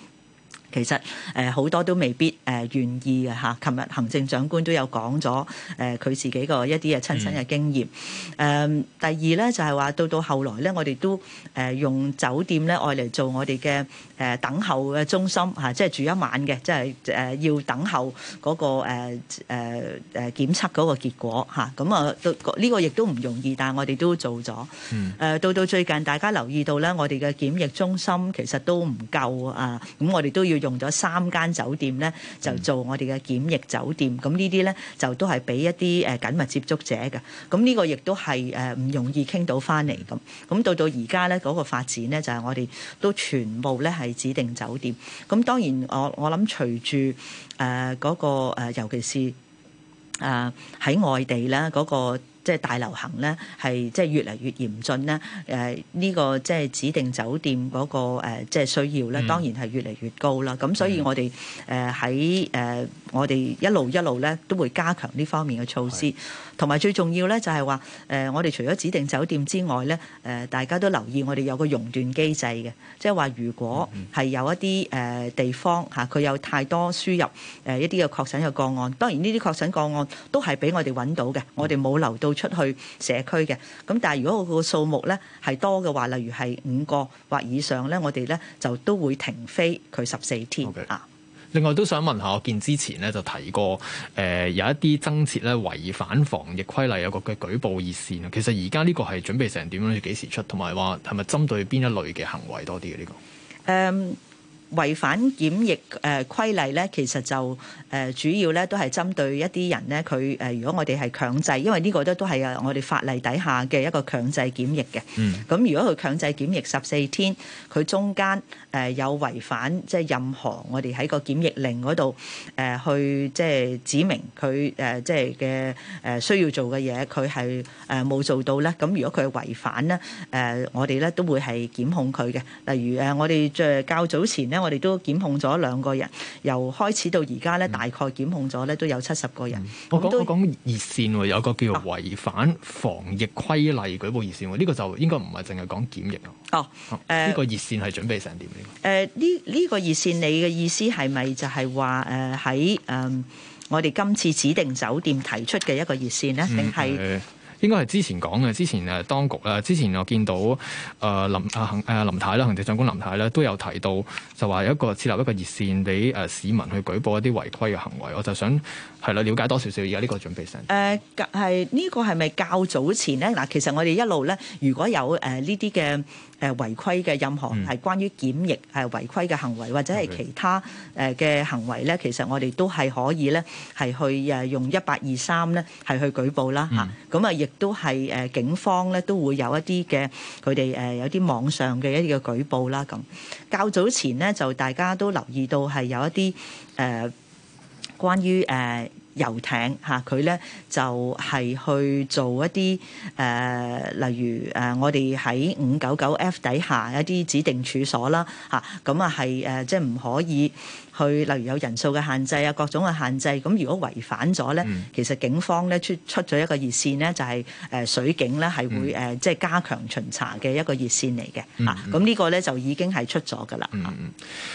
其實誒好、呃、多都未必誒、呃、願意嘅嚇。琴日行政長官都有講咗誒佢自己個一啲嘅親身嘅經驗。誒、嗯嗯、第二咧就係、是、話到到後來咧，我哋都誒、呃、用酒店咧愛嚟做我哋嘅誒等候嘅中心嚇、啊，即係住一晚嘅，即係誒、呃、要等候嗰、那個誒誒誒檢測嗰個結果嚇。咁啊，呢、呃這個亦都唔容易，但係我哋都做咗。誒、嗯、到、呃、到最近大家留意到咧，我哋嘅檢疫中心其實都唔夠啊。咁、嗯、我哋都要。用咗三間酒店咧，就做我哋嘅檢疫酒店。咁呢啲咧就都係俾一啲誒緊密接觸者嘅。咁呢個亦都係誒唔容易傾到翻嚟咁。咁到到而家咧嗰個發展咧，就係、是、我哋都全部咧係指定酒店。咁當然我我諗隨住誒嗰個、呃、尤其是誒喺、呃、外地咧嗰、嗰個。即係大流行咧，係即係越嚟越嚴峻咧。誒呢個即係指定酒店嗰個誒即係需要咧，當然係越嚟越高啦。咁所以我哋誒喺誒。我哋一路一路咧都會加強呢方面嘅措施，同埋最重要咧就係話，誒、呃、我哋除咗指定酒店之外咧，誒、呃、大家都留意我哋有個熔斷機制嘅，即係話如果係有一啲誒、呃、地方嚇佢有太多輸入誒、呃、一啲嘅確診嘅個案，當然呢啲確診個案都係俾我哋揾到嘅，我哋冇流到出去社區嘅。咁但係如果個數目咧係多嘅話，例如係五個或以上咧，我哋咧就都會停飛佢十四天啊。Okay. 另外都想問下，我見之前咧就提過，誒、呃、有一啲增設咧違反防疫規例有個嘅舉報熱線啊。其實而家呢個係準備成點，要幾時出？同埋話係咪針對邊一類嘅行為多啲嘅呢個？誒、um...。違反檢疫規例咧，其實就主要咧都係針對一啲人咧，佢如果我哋係強制，因為呢個都都係我哋法例底下嘅一個強制檢疫嘅。嗯。咁如果佢強制檢疫十四天，佢中間有違反即係任何我哋喺個檢疫令嗰度去即係指明佢即係嘅需要做嘅嘢，佢係冇做到咧。咁如果佢違反咧，我哋咧都會係檢控佢嘅。例如我哋在較早前咧。我哋都檢控咗兩個人，由開始到而家咧，大概檢控咗咧都有七十個人。嗯、我講我講熱線喎，有一個叫違反防疫規例舉報熱線，呢、哦呢個就應該唔係淨係講檢疫哦，誒、嗯，呢、呃呢個熱線係準備成點呢？誒、呃，呢呢、呢個熱線，你嘅意思係咪就係話誒喺誒我哋今次指定酒店提出嘅一個熱線咧，定係？嗯應該係之前講嘅，之前誒當局咧，之前我見到誒林啊林太啦，行政長官林太咧都有提到，就話有一個設立一個熱線俾誒市民去舉報一啲違規嘅行為，我就想。係啦，了解多少少而家呢個準備先。誒、呃，係呢個係咪較早前咧？嗱，其實我哋一路咧，如果有誒呢啲嘅誒違規嘅任何係、嗯、關於檢疫誒、呃、違規嘅行為，或者係其他誒嘅行為咧，其實我哋都係可以咧，係去誒用一八二三咧係去舉報啦嚇。咁、嗯、啊，亦都係誒、呃、警方咧都會有一啲嘅佢哋誒有啲網上嘅一啲嘅舉報啦。咁較早前咧就大家都留意到係有一啲誒。呃關於誒遊艇嚇，佢咧就係去做一啲誒、呃，例如誒，我哋喺五九九 F 底下一啲指定處所啦嚇，咁啊係誒，即係唔可以。去例如有人數嘅限制啊，各種嘅限制，咁如果違反咗咧、嗯，其實警方咧出出咗一個熱線咧，就係誒水警咧係會誒、嗯、即係加強巡查嘅一個熱線嚟嘅嚇。咁、嗯、呢個咧啊就已經係出咗噶啦。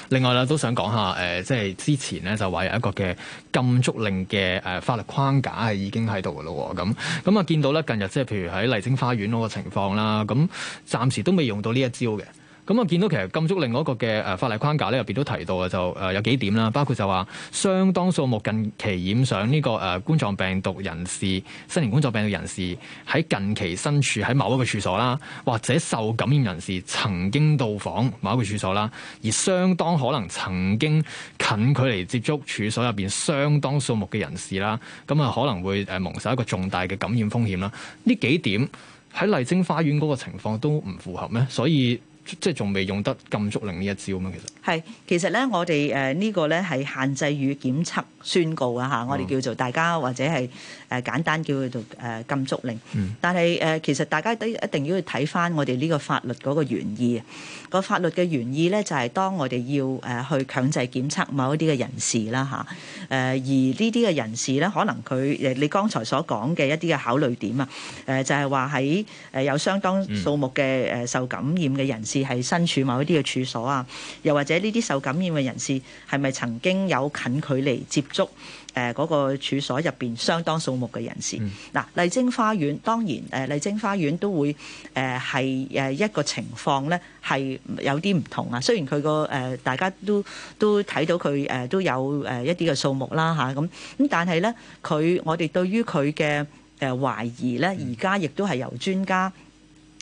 另外咧都想講下誒，即係之前咧就話有一個嘅禁足令嘅誒法律框架係已經喺度噶咯喎。咁咁啊，見到咧近日即係譬如喺麗晶花園嗰個情況啦，咁暫時都未用到呢一招嘅。咁啊！見到其實禁足另外一個嘅誒法例框架咧，入邊都提到嘅就誒有幾點啦，包括就話相當數目近期染上呢個誒冠狀病毒人士、新型冠狀病毒人士喺近期身處喺某一個處所啦，或者受感染人士曾經到訪某一個處所啦，而相當可能曾經近距離接觸處所入邊相當數目嘅人士啦，咁啊可能會誒蒙受一個重大嘅感染風險啦。呢幾點喺麗晶花園嗰個情況都唔符合咩？所以。即係仲未用得禁足令呢一招嘛？其實係其實咧，我哋誒呢個咧係限制與檢測宣告啊！嚇，我哋叫做大家或者係誒簡單叫佢做誒禁足令。嗯、但係誒，其實大家都一定要睇翻我哋呢個法律嗰個原意啊！個法律嘅原意咧，就係當我哋要誒去強制檢測某一啲嘅人士啦嚇。誒、啊，而呢啲嘅人士咧，可能佢誒你剛才所講嘅一啲嘅考慮點啊，誒就係話喺誒有相當數目嘅誒受感染嘅人士。嗯係身處某一啲嘅處所啊，又或者呢啲受感染嘅人士，係咪曾經有近距離接觸？誒、呃，嗰、那個處所入邊相當數目嘅人士。嗱、嗯，麗晶花園當然，誒，麗晶花園都會誒係誒一個情況呢，係有啲唔同啊。雖然佢個誒大家都都睇到佢誒都有誒一啲嘅數目啦嚇，咁、啊、咁，但係呢，佢我哋對於佢嘅誒懷疑呢，而家亦都係由專家。嗯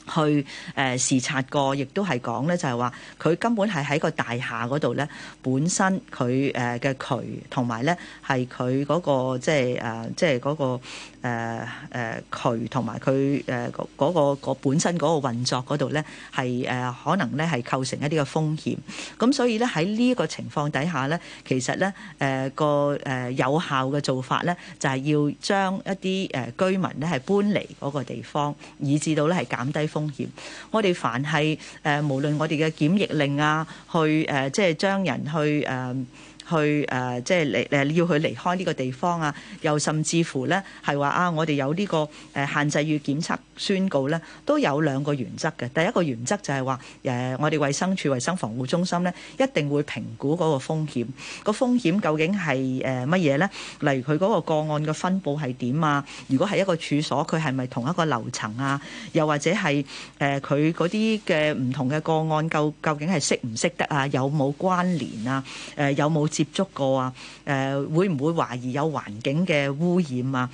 去誒視察過亦都係講咧，就係話佢根本係喺個大廈嗰度咧，本身佢誒嘅渠同埋咧，係佢嗰個即係誒即係嗰個誒誒渠同埋佢誒嗰個個本身嗰個運作嗰度咧，係誒可能咧係構成一啲嘅風險，咁所以咧喺呢一個情況底下咧，其實咧誒個誒有效嘅做法咧，就係要將一啲誒居民咧係搬離嗰個地方，以至到咧係減低。風險，我哋凡係誒，無論我哋嘅檢疫令啊，去誒、呃，即係將人去誒。呃去誒、呃、即係嚟誒要佢離開呢個地方啊，又甚至乎咧，係話啊，我哋有呢個誒限制與檢測宣告咧，都有兩個原則嘅。第一個原則就係話誒我哋衛生署衛生防護中心咧，一定會評估嗰個風險，嗰個風險究竟係誒乜嘢咧？例如佢嗰個個案嘅分佈係點啊？如果係一個處所，佢係咪同一個樓層啊？又或者係誒佢嗰啲嘅唔同嘅個案，究究竟係識唔識得啊？有冇關聯啊？誒、呃、有冇？接觸過啊，誒會唔會懷疑有環境嘅污染啊？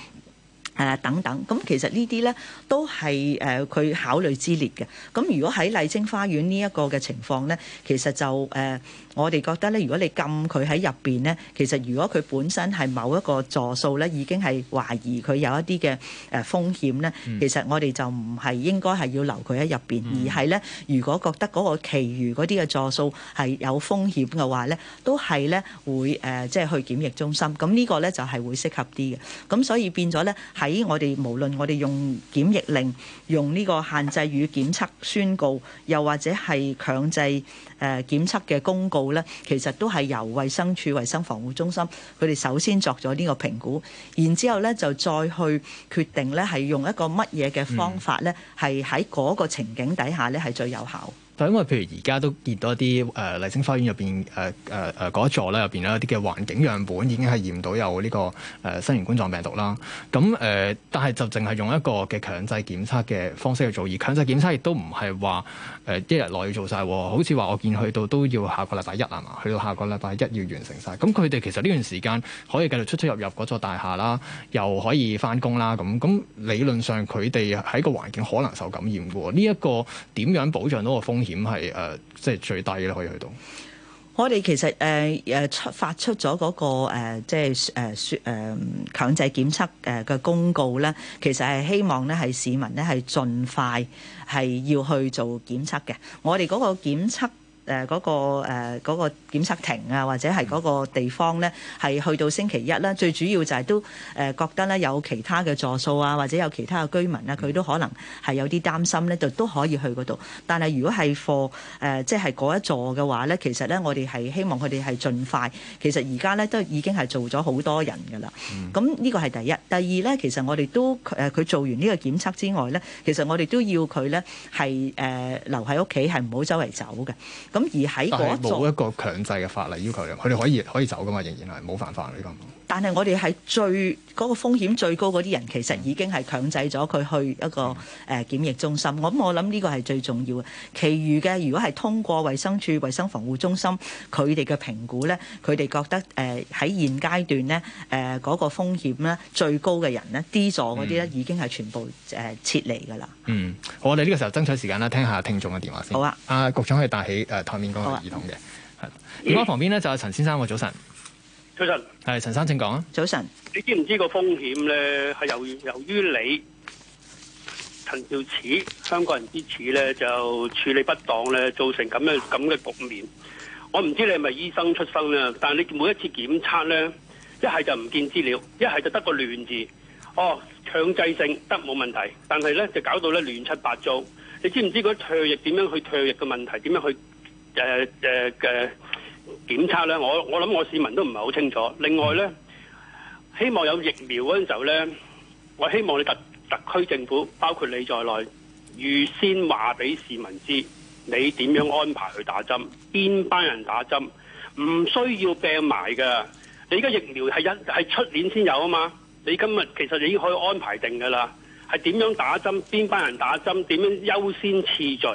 係啊，等等，咁其實呢啲呢都係誒佢考慮之列嘅。咁如果喺麗晶花園呢一個嘅情況呢，其實就誒。我哋覺得咧，如果你禁佢喺入邊呢，其實如果佢本身係某一個座數咧，已經係懷疑佢有一啲嘅誒風險呢。其實我哋就唔係應該係要留佢喺入邊，而係呢，如果覺得嗰個其餘嗰啲嘅座數係有風險嘅話呢，都係呢會誒即係去檢疫中心。咁呢個呢，就係會適合啲嘅。咁所以變咗呢，喺我哋無論我哋用檢疫令、用呢個限制與檢測宣告，又或者係強制誒檢測嘅公告。其實都係由衛生署衛生防護中心佢哋首先作咗呢個評估，然之後咧就再去決定咧，係用一個乜嘢嘅方法咧，係喺嗰個情景底下咧，係最有效。就因為譬如而家都見到一啲誒麗晶花園入面誒誒嗰一座咧入面咧有啲嘅環境樣本已經係驗到有呢、這個誒、呃、新型冠狀病毒啦。咁誒、呃，但係就淨係用一個嘅強制檢測嘅方式去做，而強制檢測亦都唔係話一日內要做晒喎。好似話我見去到都要下個禮拜一係嘛，去到下個禮拜一要完成晒。咁佢哋其實呢段時間可以繼續出出入入嗰座大廈啦，又可以翻工啦。咁咁理論上佢哋喺個環境可能受感染喎，呢、這、一個點樣保障到個風檢係、呃、即係最低咧，可以去到。我哋其實誒、呃、出發出咗嗰、那個、呃、即係誒説誒強制檢測嘅公告咧，其實係希望咧係市民咧係儘快係要去做檢測嘅。我哋嗰個檢測。誒、呃、嗰、那個誒嗰、呃那個檢測亭啊，或者係嗰個地方呢，係去到星期一咧，最主要就係都誒、呃、覺得呢，有其他嘅座數啊，或者有其他嘅居民啊，佢、嗯、都可能係有啲擔心呢，就都，都可以去嗰度。但係如果係貨誒即係嗰一座嘅話呢，其實呢，我哋係希望佢哋係盡快。其實而家呢，都已經係做咗好多人㗎啦。咁、嗯、呢個係第一。第二呢，其實我哋都誒佢、呃、做完呢個檢測之外呢，其實我哋都要佢呢，係誒、呃、留喺屋企，係唔好周圍走嘅。咁而喺嗰度，冇一個強制嘅法例要求佢哋，可以可以走噶嘛，仍然係冇犯法，你呢？但係我哋係最嗰、那個風險最高嗰啲人，其實已經係強制咗佢去一個誒檢疫中心。嗯、我諗我諗呢個係最重要嘅。其餘嘅如果係通過衛生署、衞生防護中心佢哋嘅評估咧，佢哋覺得誒喺、呃、現階段呢，誒、呃、嗰、那個風險咧最高嘅人呢 D 座嗰啲咧已經係全部誒撤離㗎啦。嗯，好，我哋呢個時候爭取時間啦，聽下聽，聽眾嘅電話先。好啊，阿局長可以戴起誒台面嗰個耳筒嘅。好啊。耳、嗯、旁邊呢，就係陳先生，哦、早晨。早晨，係陳生，請講啊！早晨，你知唔知個風險咧？係由由於你陳肇始香港人之恥咧，就處理不當咧，造成咁樣咁嘅局面。我唔知你係咪醫生出生啊？但係你每一次檢測咧，一係就唔見資料，一係就得個亂字。哦，強制性得冇問題，但係咧就搞到咧亂七八糟。你知唔知嗰啲唾液點樣去唾液嘅問題？點樣去誒誒嘅？呃呃呃檢測咧，我我諗我市民都唔係好清楚。另外咧，希望有疫苗嗰陣時候咧，我希望你特特區政府包括你在內，預先話俾市民知你點樣安排去打針，邊、嗯、班人打針，唔需要病埋噶。你而家疫苗係一係出年先有啊嘛？你今日其實你已經可以安排定噶啦，係點樣打針，邊班人打針，點樣優先次序，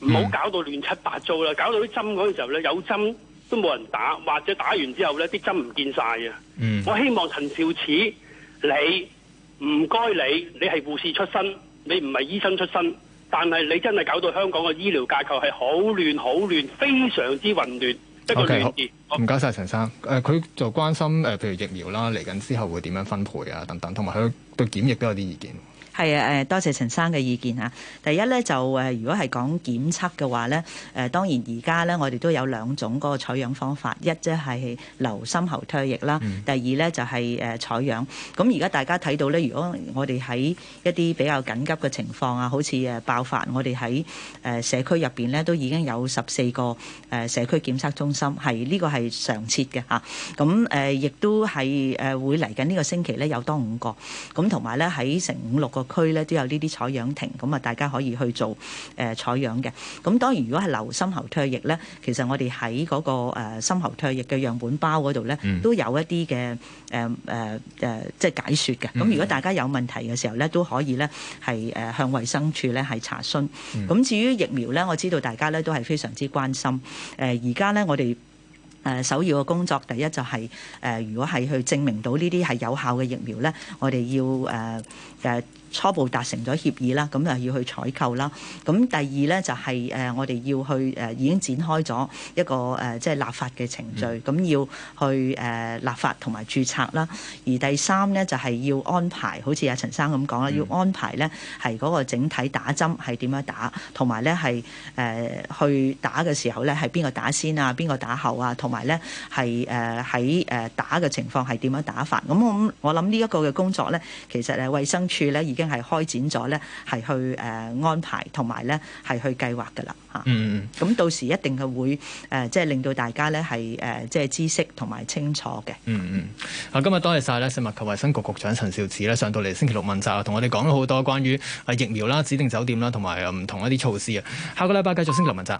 唔、嗯、好搞到亂七八糟啦，搞到啲針嗰陣時候咧有針。都冇人打，或者打完之後呢啲針唔見晒啊、嗯！我希望陳肇始，你唔該你，你係護士出身，你唔係醫生出身，但係你真係搞到香港嘅醫療架構係好亂，好亂，非常之混亂，一個亂字。唔該晒陳生。佢、呃、就關心譬、呃、如疫苗啦，嚟緊之後會點樣分配啊，等等，同埋佢對檢疫都有啲意見。係啊，誒多謝陳生嘅意見嚇。第一咧就誒，如果係講檢測嘅話咧，誒當然而家咧我哋都有兩種嗰個採樣方法，一即係留深喉唾液啦，第二咧就係誒採樣。咁而家大家睇到咧，如果我哋喺一啲比較緊急嘅情況啊，好似誒爆發，我哋喺誒社區入邊咧都已經有十四個誒社區檢測中心，係呢個係常設嘅嚇。咁誒亦都係誒會嚟緊呢個星期咧有多五個，咁同埋咧喺成五六個，區咧都有呢啲採樣亭，咁啊大家可以去做誒、呃、採樣嘅。咁當然，如果係深喉唾液咧，其實我哋喺嗰個、呃、深喉唾液嘅樣本包嗰度咧，都有一啲嘅誒誒誒，即係解説嘅。咁、嗯、如果大家有問題嘅時候咧，都可以咧係誒向衞生署咧係查詢。咁、嗯、至於疫苗咧，我知道大家咧都係非常之關心。誒而家咧，我哋誒、呃、首要嘅工作，第一就係、是、誒、呃、如果係去證明到呢啲係有效嘅疫苗咧，我哋要誒誒。呃呃初步達成咗協議啦，咁就要去採購啦。咁第二咧就係、是、誒、呃、我哋要去誒、呃、已經展開咗一個誒、呃、即係立法嘅程序，咁、嗯、要去誒、呃、立法同埋註冊啦。而第三咧就係要安排，好似阿陳生咁講啦，要安排咧係嗰個整體打針係點樣打，同埋咧係誒去打嘅時候咧係邊個打先啊，邊個打後啊，同埋咧係誒喺誒打嘅情況係點樣打法。咁我諗呢一個嘅工作咧，其實誒衛生署咧已經。係開展咗咧，係去誒、呃、安排同埋咧，係去計劃噶啦嚇。嗯嗯。咁到時一定係會誒、呃，即係令到大家咧係誒，即係知識同埋清楚嘅。嗯嗯。啊，今日多謝晒咧，食物及衞生局局長陳肇始咧，上到嚟星期六問責，同我哋講咗好多關於疫苗啦、指定酒店啦，同埋唔同一啲措施啊。下個禮拜繼續星期六問責。